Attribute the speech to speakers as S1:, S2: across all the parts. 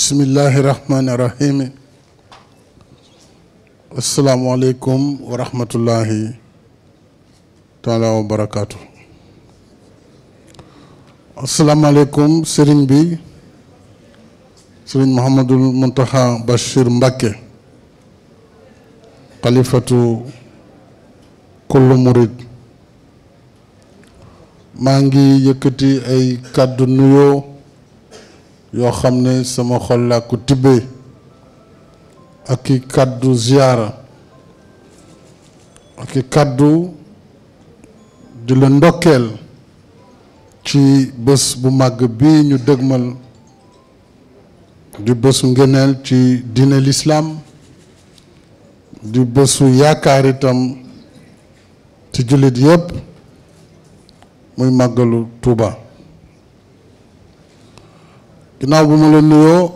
S1: bismillahi rahmaani rahim asalaamualeykum wa rahmatullahi taala wa barakaatu asalaamualeykum sëriñ bi sëriñ Mouhamadul Mountakha Bachir Mbacké xalifatu kullu murid maa ngi yëkkati ay kàddu nuyoo yoo xam ne sama xol laa ko tibbee ak i kàddu ziyaara ak i kàddu di la ndokkeel ci bés bu màgg bii ñu dëgmal di bésu ngëneel ci dina lislaam di bésu yaakaar itam ci jullit yépp muy màggalu Tuuba ginnaaw bu ma la nuyoo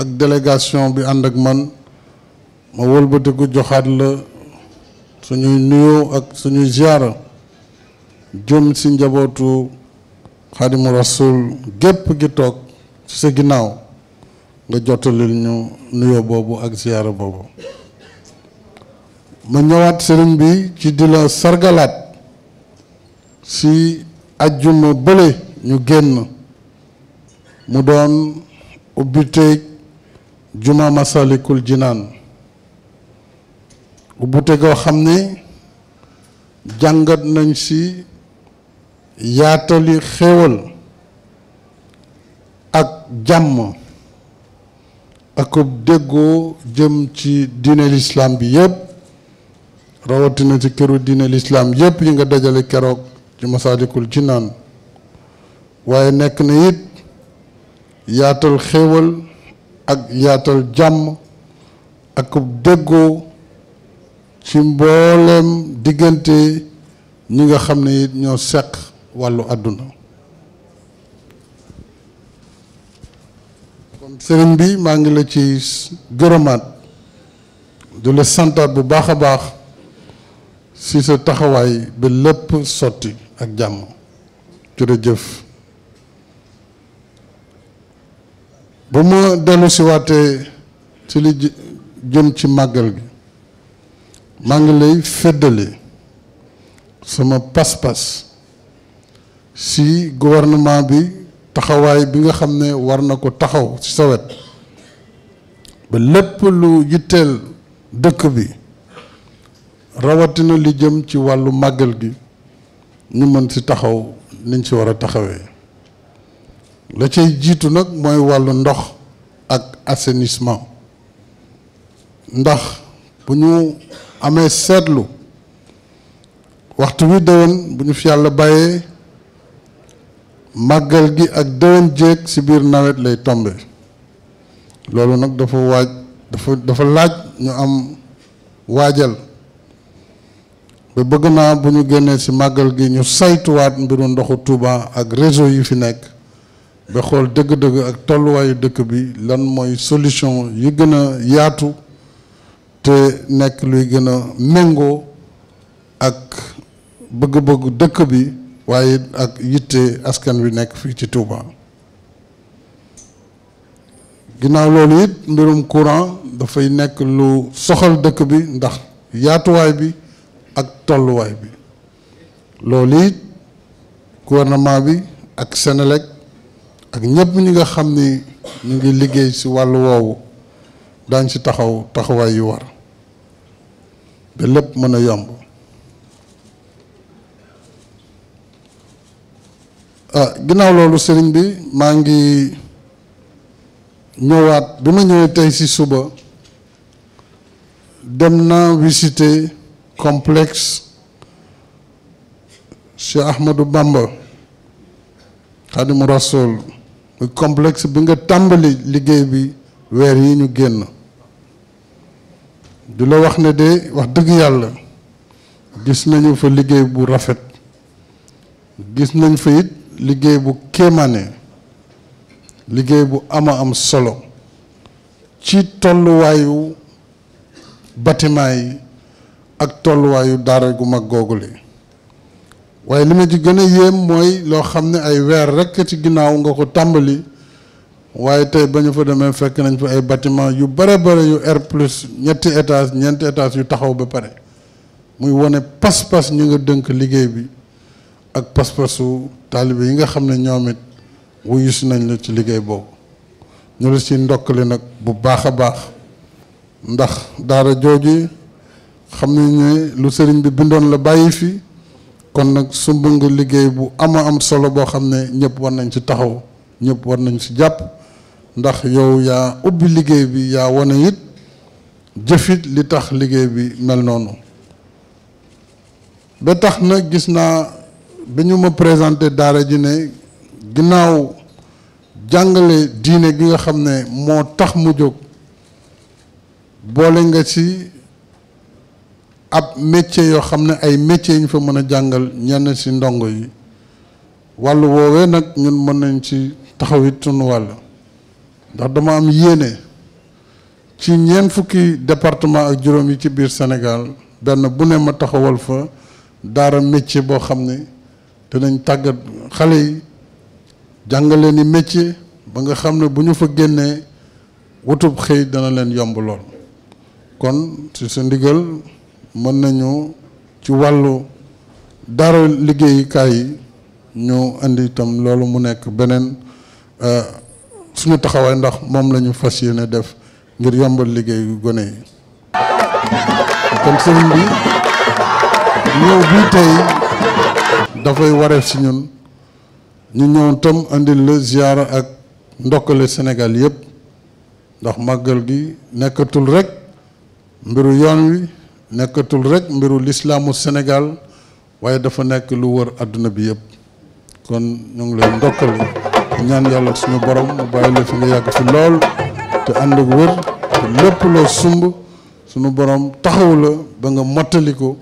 S1: ak délégation bi ànd ak man ma wëlbatiku joxaat la suñuy nuyoo ak suñuy ziara jëm si njabootu xadimu rasul gépp gi toog ci sa ginnaaw nga jottalil ñu nuyoo boobu ak ziara boobu ma ñëwaat sëriñ bi ci di la sargalaat si ajjuma bële ñu génn mu doon ubbiteeg juma masalikul jinaan ubbite goo xam ni jàngat nañ ci yaatali xéewal ak jàmm ak akub déggoo jëm ci diine lislaam bi yépp rawatina ci këru diine lislaam yépp yi nga dajale keroog ci masalikul jinaan waaye nekk na it yaatal xéewal ak yaatal jàmm ak déggoo ci mbooleem diggante ñi nga xam ne it ñoo seq wàllu àdduna kon sëriñ bi maa ngi la ci gërëmaat du la santaat bu baaxa baax ci sa taxawaay ba lépp sotti ak jàmm jëf ba ma dellu si waatee ci li jëm ci màggal gi maa ngi lay féddali sama pas-pas si gouvernement bi taxawaay bi nga xam ne war na ko taxaw ci sa wet ba lépp lu yitteel dëkk bi rawatina li jëm ci wàllu màggal gi ñu mën ci taxaw niñ ci war a taxawee la cay jiitu nag mooy wàllu ndox ak assenisement ndax bu ñu amee seetlu waxtu wi déwén bu ñu fi yàlla bàyyee màggal gi ak déwén jéeg ci biir nawet lay tombe loolu nag dafa waaj dafa dafa laaj ñu am waajal ba bëgg naa bu ñu génnee ci màggal gi ñu saytuwaat mbiru ndoxu Touba ak réseau yi fi nekk ba xool dëgg-dëgg ak tolluwaayu dëkk bi lan mooy solution yu gën a yaatu te nekk luy gën a méngoo ak bëgg-bëggu dëkk bi waaye ak yitte askan wi nekk fii ci Touba ginnaaw loolu it mbirum courant dafay nekk lu soxal dëkk bi ndax yaatuwaay bi ak tolluwaay bi loolu it gouvernement bi ak Senelec ak ñépp ñi nga xam ni ñu ngi liggéey ci wàllu woowu daañ ci taxaw taxawaay yu war ba lépp mën a yomb ah ginnaaw loolu sëriñ bi maa ngi ñëwaat bi ma ñëwee tey ci suba dem na visiter complexe Cheikh Ahmadou Bamba Khadimu Rasoul complex bi nga tàmbali liggéey bi weer yi ñu génn du la wax ne de wax dëgg yàlla gis nañu fa liggéey bu rafet gis nañ fa it liggéey bu kéemaane liggéey bu ama am solo ci tolluwaayu bâtiment yi ak tolluwaayu daara gu mag googule waaye li ma ci gën a yéem mooy loo xam ne ay weer rekk ci ginnaaw nga ko tàmbali waaye tey ba ñu fa demee fekk nañ fa ay batiment yu bare bare yu R plus ñetti étage ñeenti étage yu taxaw ba pare muy wane pas-pas ñu nga dënk liggéey bi ak pas-pasu taalibe yi nga xam ne ñoomit it nañ la ci liggéey boobu ñu si si li nag bu baax a baax ndax daara jooju xam ne lu sëriñ bi bindoon la bàyyi fi kon nag su nga liggéey bu ama am solo boo xam ne ñëpp war nañ ci taxaw ñëpp war nañ ci jàpp ndax yow yaa ubbi liggéey bi yaa wane it jëfit li tax liggéey bi mel noonu ba tax na gis naa bi ñu ma présenté daara ji ne ginnaaw jàngale diine gi nga xam ne moo tax mu jóg boole nga ci ab métier yoo xam ne ay métier ñu fa mën a jàngal ñenn ci ndongo yi wàll woowee nag ñun mën nañ ci taxawit sunu wàll ndax dama am yéene ci ñeen fukki département ak juróom yi ci biir senegal benn bu ne ma taxawal fa daara métier boo xam ne dinañ tàggat xale yi jàngale ni métier ba nga xam ne bu ñu fa génnee wutub xëy dana leen yomb lool kon ci sa ndigal mën nañu ci wàllu dara liggéeyukaay yi ñu indi itam loolu mu nekk beneen euh, suñu taxawaay ndax moom lañu fas fas yéene def ngir yombal liggéeyu gone yi kon sëriñ bi ñëw bii tey dafay wareef si ñun ñu ñëw tam andil la ziyaara ak ndokkale senegal yëpp ndax màggal gi nekkatul rek mbiru yoon wi nekkatul rek mbiru lislaamu Sénégal waaye dafa nekk lu wër àdduna bi yëpp kon ñu ngi leen ndokkale ñaan yàlla suñu borom mu bàyyi la fi nga yàgg fi lool te ànd ak wër te lépp loo sumb suñu borom taxaw la ba nga mottali ko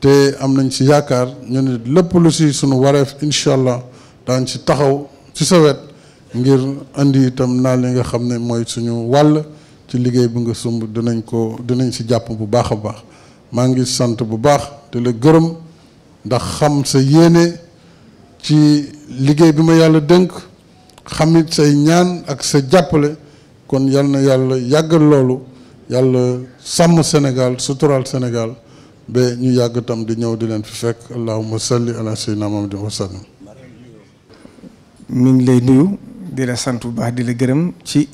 S1: te am nañ ci yaakaar ñu ne lépp lu si suñu wareef incha allah daañ ci taxaw ci sa wet ngir indi itam naa li nga xam ne mooy suñu wàll ci liggéey bi nga sumb dinañ ko dinañ ci jàpp bu baax a baax maa ngi sant bu baax di la gërëm ndax xam sa yéene ci liggéey bi ma yàlla dënk xamit say ñaan ak sa jàppale kon yal na yàlla yàggal loolu yàlla sàmm senegal suturaal senegal ba ñu yàgg tam di ñëw di leen fi fekk allahumma salli ala sayyidina Muhammadin wa sallim
S2: mi ngi lay nuyu di la sant bu baax di la gërëm ci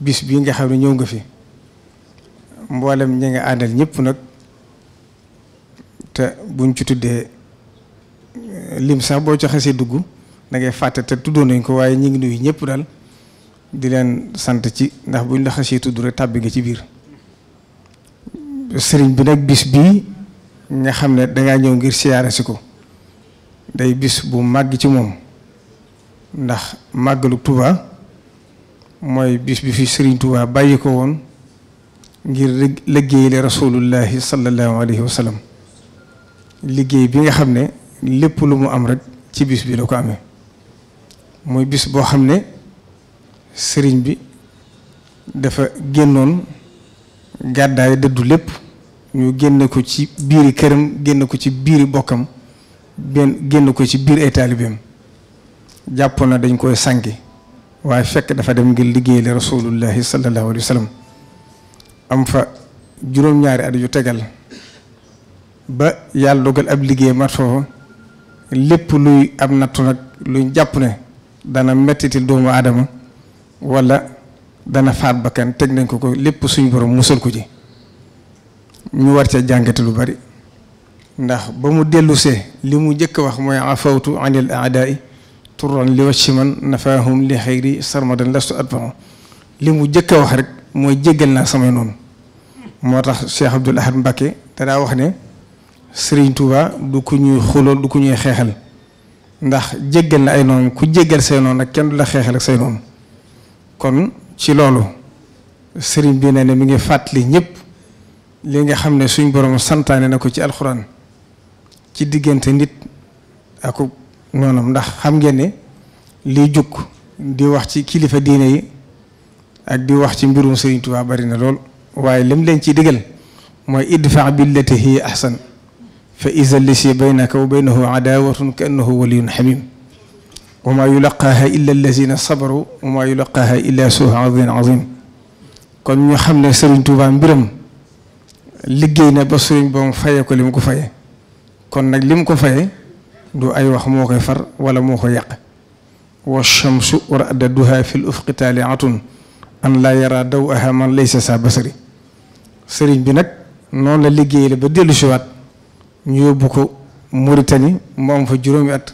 S2: bis bii nga xam ne ñëw nga fi mboolem ñi nga àndal ñëpp nag te buñ ci tuddee euh, lim sax boo ca xesee dugg da ngay fàtte te tuddoon nañ ko waaye ñu ngi nuyu ñëpp daal di leen sant ci ndax buñ la xasee tudd rek tàbbi nga ci biir sëriñ bi nag bis bii nga xam ne dangaa ñëw ngir siyaare si ko day bis bu màgg ci moom ndax màggalu Tuba mooy bis bi fi sëriñ Tuba bàyyi ko woon ngir liggéeyale rasulullahi sallallahu alayhi wa liggéey bi nga xam ne lépp lu mu am rek ci bis bi la ko amee muy bis boo xam ne sëriñ bi dafa génnoon gàddaay dëddu lépp ñu génn ko ci biiri këram génn ko ci biiri bokkam benn génne ko ci biir ay taalibeem jàppoon na dañ koy sànki waaye fekk dafa dem ngir liggéey la rasulullahi sallallahu alayhi wa am fa juróom-ñaari at yu tegal ba yàlla dogal ab liggéey mat foofu lépp luy ab nattu nag luñ jàpp ne dana mettitil doomu aadama walla dana faat bakkan teg nañ ko ko lépp suñ borom musal ko ci ñu war ca jàngate lu bari ndax ba mu dellusee li mu njëkk wax mooy afawtu anil aadaai turan li wacci man nafaahum li xayri sarmadan lastu atbahu li mu njëkk a wax rek mooy jéggal naa samay noonu moo tax Cheikh Abdoul Ahad Mbacké danaa wax ne sëriñ Touba du ku ñuy ñuy xeexal ndax jéggal na ay noonu ku jéggal say noonu nag kenn du la xeexal ak say noonu kon ci loolu sëriñ bi nee ne mu ngi fàttali ñëpp li nga xam ne suñ borom santaane na ko ci alxuraan ci diggante nit ak noonam ndax xam ngeen ne liy jukk di wax ci kilifa diine yi ak di wax ci mbirum sëriñ Touba bari na lool waaye lim leen ci digal mooy idfa billati hiya ahsan fa iza llasi baynaka wa baynahu adaawatun ka annahu wa maa yulaqaaha illa illa suu azin azim kon ñu xam ne sëriñ Tuubaa mbiram liggéey na ba sëriñ ba mu ko li mu ko faye kon nag li ko faye du ay wax moo koy far wala moo ko yàq wa shamsu radaduha fi l ufqi taaliatun an laa yara daw aha man laysa sa basari sëriñ bi nag noonu la liggéey la ba dellu siwaat ñu yóbbu ko Mauritanie moo am fa juróomi at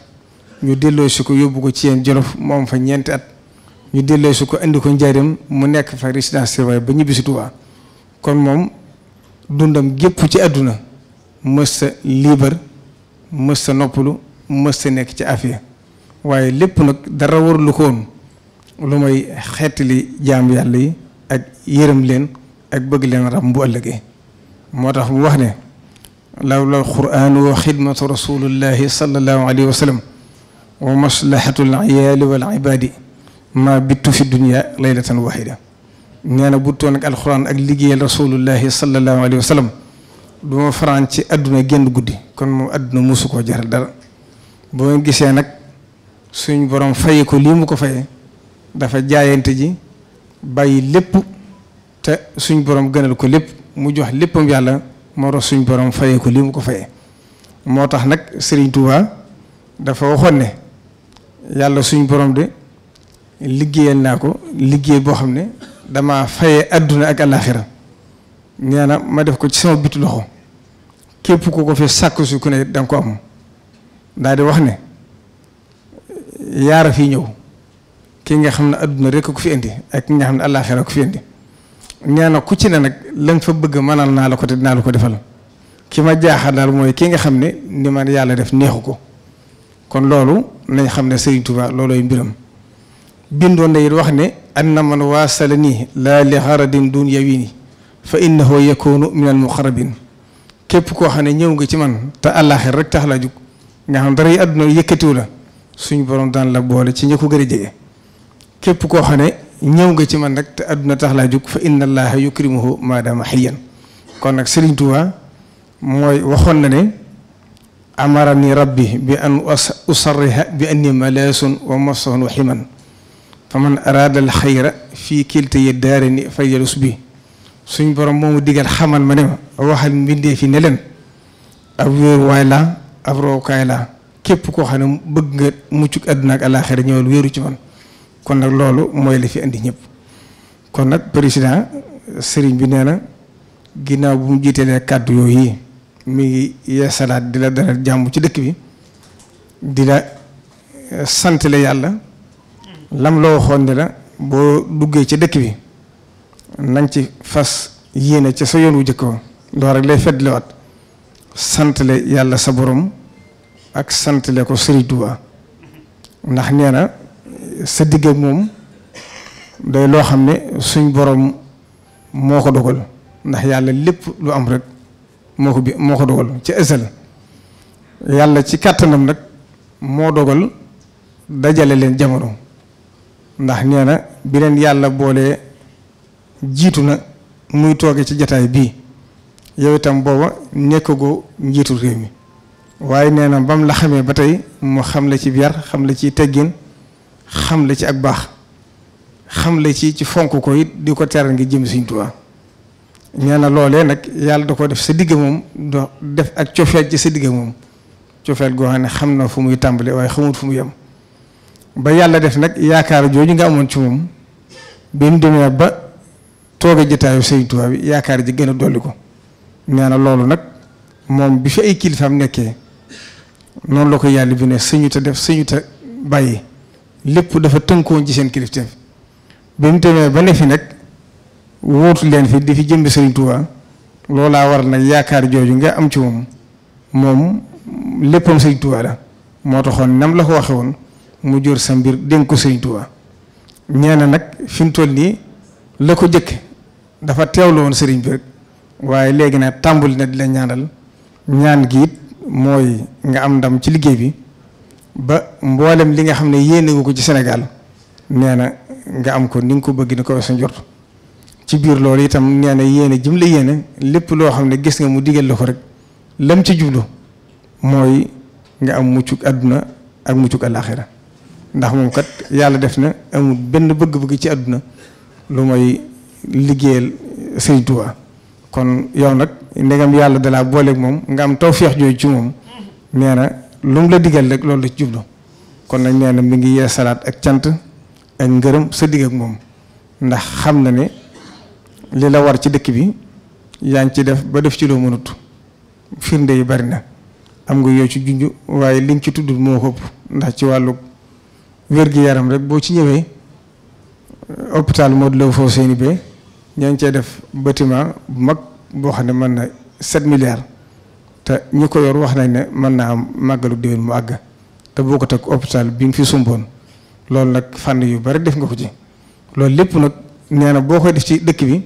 S2: ñu delloo si ko yóbbu ko ci Thiène Jolof mu am fa ñeenti at ñu delloo si ko indi ko Njaaréem mu nekk fa résidence surveillée ba ñibbisi si kon moom dundam gépp ci àdduna mës sa liibar mës sa noppalu mës sa nekk ci afiya waaye lépp nag dara warlu ko woon lu may xeetali jaam yàlla yi ak yërëm leen ak bëgg leen ram bu ëllëgee moo tax mu wax ne lawla alquran wa xidmatu rasulillahi sallallahu alayhi wa sallam wa maslahatu alciyaali wal ibaadi ma bittu fi dunia laylatan waxida nee na bu toon ak ak liggéeyal rasulillahi sallallahu alayhi wa sallam du ma ci àdduna génn guddi kon moom àdduna musu koo jaral dara boo gisee nag suñ borom faye ko lii mu ko faye dafa jaayante ji bàyyi lépp te suñ borom gënal ko lépp mu jox léppam yàlla moo suñ borom fayee ko li mu ko fayee moo tax nag Serigne Touba dafa waxoon ne yàlla suñ borom de liggéeyal naa ko liggéey boo xam ne dama fayee àdduna ak àllaaxira nee na ma def ko ci sama bitu loxo képp ko ko fi sàkk su ku ne danga ko am daal di wax ne yaara fi ñëw ki nga xam ne àdduna rekk ko fi indi ak ki nga xam ne àllaaxira ko fi indi nee na ku ci ne nag la fa bëgg mënal naa la ko te dinaa la ko defal ki ma jaaxa daal mooy kii nga xam ne ni man yàlla def neexu ko kon loolu nañ xam ne Serigne Touba loolooy mbiram bindoon na it wax ne an na man waasala nii laa li xaradin dunyawi ni fa innahu yakunu min mu muqarrabin képp koo xam ne ñëw nga ci man te àllaaxir rek tax laa jug nga xam dara yi àdduna yëkkatiw la suñu borom daan la boole ci ñi ko gën a jege képp koo xam ne ñëw nga ci man nag te àdduna tax laa jóg fa inna allaha yukrimuhu maadaama xayyan kon nag Serigne mooy waxoon na ne amarani rabbi bi an usarriha bi anni malaasun wa mafsahun wa ximan fa man araada xayra fii kilta yi daarani fa yalus bi suñ borom moom digal xamal ma ne ma waxal mbindee fi ne leen ab wéeruwaay ab rookaay laa képp koo xam ne bëgg nga muccug àdduna ak alaaxira ñëwal wéeru ci man kon nag loolu mooy li fi indi ñëpp kon nag président sëriñ bi nee na ginnaaw bu mu jiitelee kàddu yooyu yi mi ngi yeesalaat di la dalal jàmm ci dëkk bi di la eh, sant yàlla lam la waxoon ne la boo duggee ci dëkk bi nañ ci fas yéene ca sa yoon wu jëkkoo loolu rek lay fedlewaat sant la yàlla sa borom ak sant ko sëriñ Tuubaa ndax nee na sa digg moom day loo xam ne suñ borom moo ko dogal ndax yàlla lépp lu am rek moo ko bi moo ko dogal ci ësal yàlla ci kàttanam rek moo dogal dajale leen jamono ndax nee na bi leen yàlla boolee jiitu na muy tooge ci jataay bii yow itam booba ko njiitu réew mi waaye nee na bam la xamee ba tey mu xam la ci yar xam la ci teggin xam la ci ak baax xam la ci ci fonk ko it di ko teral ngi jëm Sëriñ Tuubaa nee na loolee nag yàlla da ko def sa digg moom do def ak cofeel ci sa digg moom cofeel goo xam ne xam na fu muy tàmbali waaye xamut fu muy yem ba yàlla def nag yaakaar jooju nga amoon ci moom bi mu demee ba tooge jotaayu Sëriñ Tuubaa bi yaakaar ji gën a dolli ko nee loolu nag moom bi fi ay kilifaam nekkee noonu la ko yàlla bi ne sëñu te def sëñu te bàyyi lépp dafa tënkoon ci seen kilifteef bi mu demee ba ne fi nag wóotu leen fi di fi jëmbi Sëriñ Tuubaa loolaa waral nag yaakaar jooju nga am ci moom moom léppam Sëriñ Tuubaa la moo taxoon nam la ko waxe woon mu jur sa mbir dénk ko Sëriñ Tuubaa ñee na nag fi mu nii la ko jëkk dafa teewlu woon sëriñ bi waaye léegi nag tàmbali na di la ñaanal ñaan gi it mooy nga am ndam ci liggéey bi ba mboolem li nga xam ne yéene nga ko ci Sénégal nee na nga am ko ni nga ko bëgg ni ko sa njort ci biir loolu itam nee na yéene jëm la yéene lépp loo xam ne gis nga mu digal la ko rek lam ci jublu mooy nga am muccuk àdduna ak muccu àllaaxira ndax moom kat yàlla def na amul benn bëgg-bëgg ci àdduna lu mooy liggéeyal Sëriñ Tuubaa kon yow nag ndegam yàlla dalaa booleek moom nga am tawféex jooju ci moom nee lu mu la digal rek loolu la ci jublu kon nag nee na mi ngi yee salaat ak cant ak ngërëm sa digg ak moom ndax xam na ni li la war ci dëkk bi yaa ngi ci def ba def ci loo mënut firnde yi bari na am nga yow ci junj waaye liñ ci tudd moo ëpp ndax ci wàllu wér-gi-yaram rek boo ci ñëwee euh, hôpital Modou Lo Fawzeyni bi ñaa ngi cee def batiment bu mag boo xam ne mën na set milliards te ñi ko yor wax nañ ne mën naa am màggalu déwén mu àgg te boo ko teg hôpital bi mu fi sumboon loolu nag fànn yu bari def nga ko ci loolu lépp nag nee na boo koy def ci dëkk bi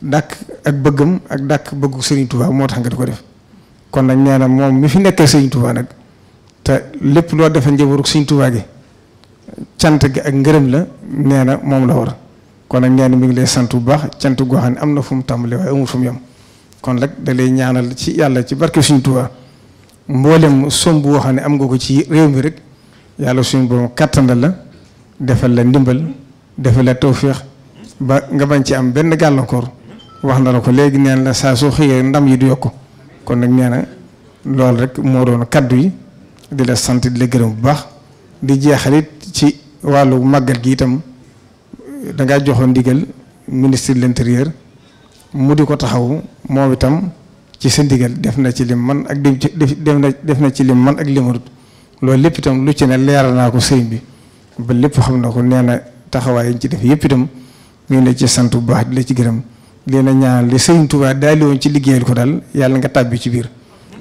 S2: dàkk ak bëggam ak dàkk bëggu Serigne Touba moo tax nga di ko def kon nag nee na moom mi fi nekkee Serigne Touba nag te lépp loo defee njabootu Serigne Touba gi cant gi ak ngërëm la nee na moom la war kon nag nee na mi ngi lay sant bu baax cant goo xam ne am na fu mu tàmbalee waaye amul kon nag da ñaanal ci yàlla ci barke suñu Tuubaa mboolem somb woo xam ne am nga ko ci réew mi rek yàlla suñu borom kàttanal la defal la ndimbal defal la tawféex ba nga bañ ci am benn gàllankoor wax na la ko léegi neen la saa soo xëyee ndam yi du yokk kon nag nee na loolu rek moo doon kàddu yi di la sant di la gërëm bu baax di it ci wàllu màggal gi itam dangaa joxoon ndigal ministre de l'intérieur mu di ko taxawu moom itam ci sa ndigal def na ci lim man ak dim def na def na ci lim man ak limarut loolu lépp itam lu ci ne leeral naa ko sëriñ bi ba lépp xam na ko nee na taxawaay yi ci def yëpp itam ñu ne ci sant bu baax di la ci gërëm di na ñaan li sëriñ Tuubaa daali woon ci liggéeyal ko daal yàlla nga tàbbi ci biir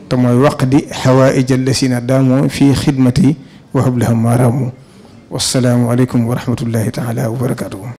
S2: te mooy waq di xawaïjal lasina daamoo fii xidmati wa hablahum maaraamu wassalaamu aleykum wa rahmatullahi taala wa barakaatuhu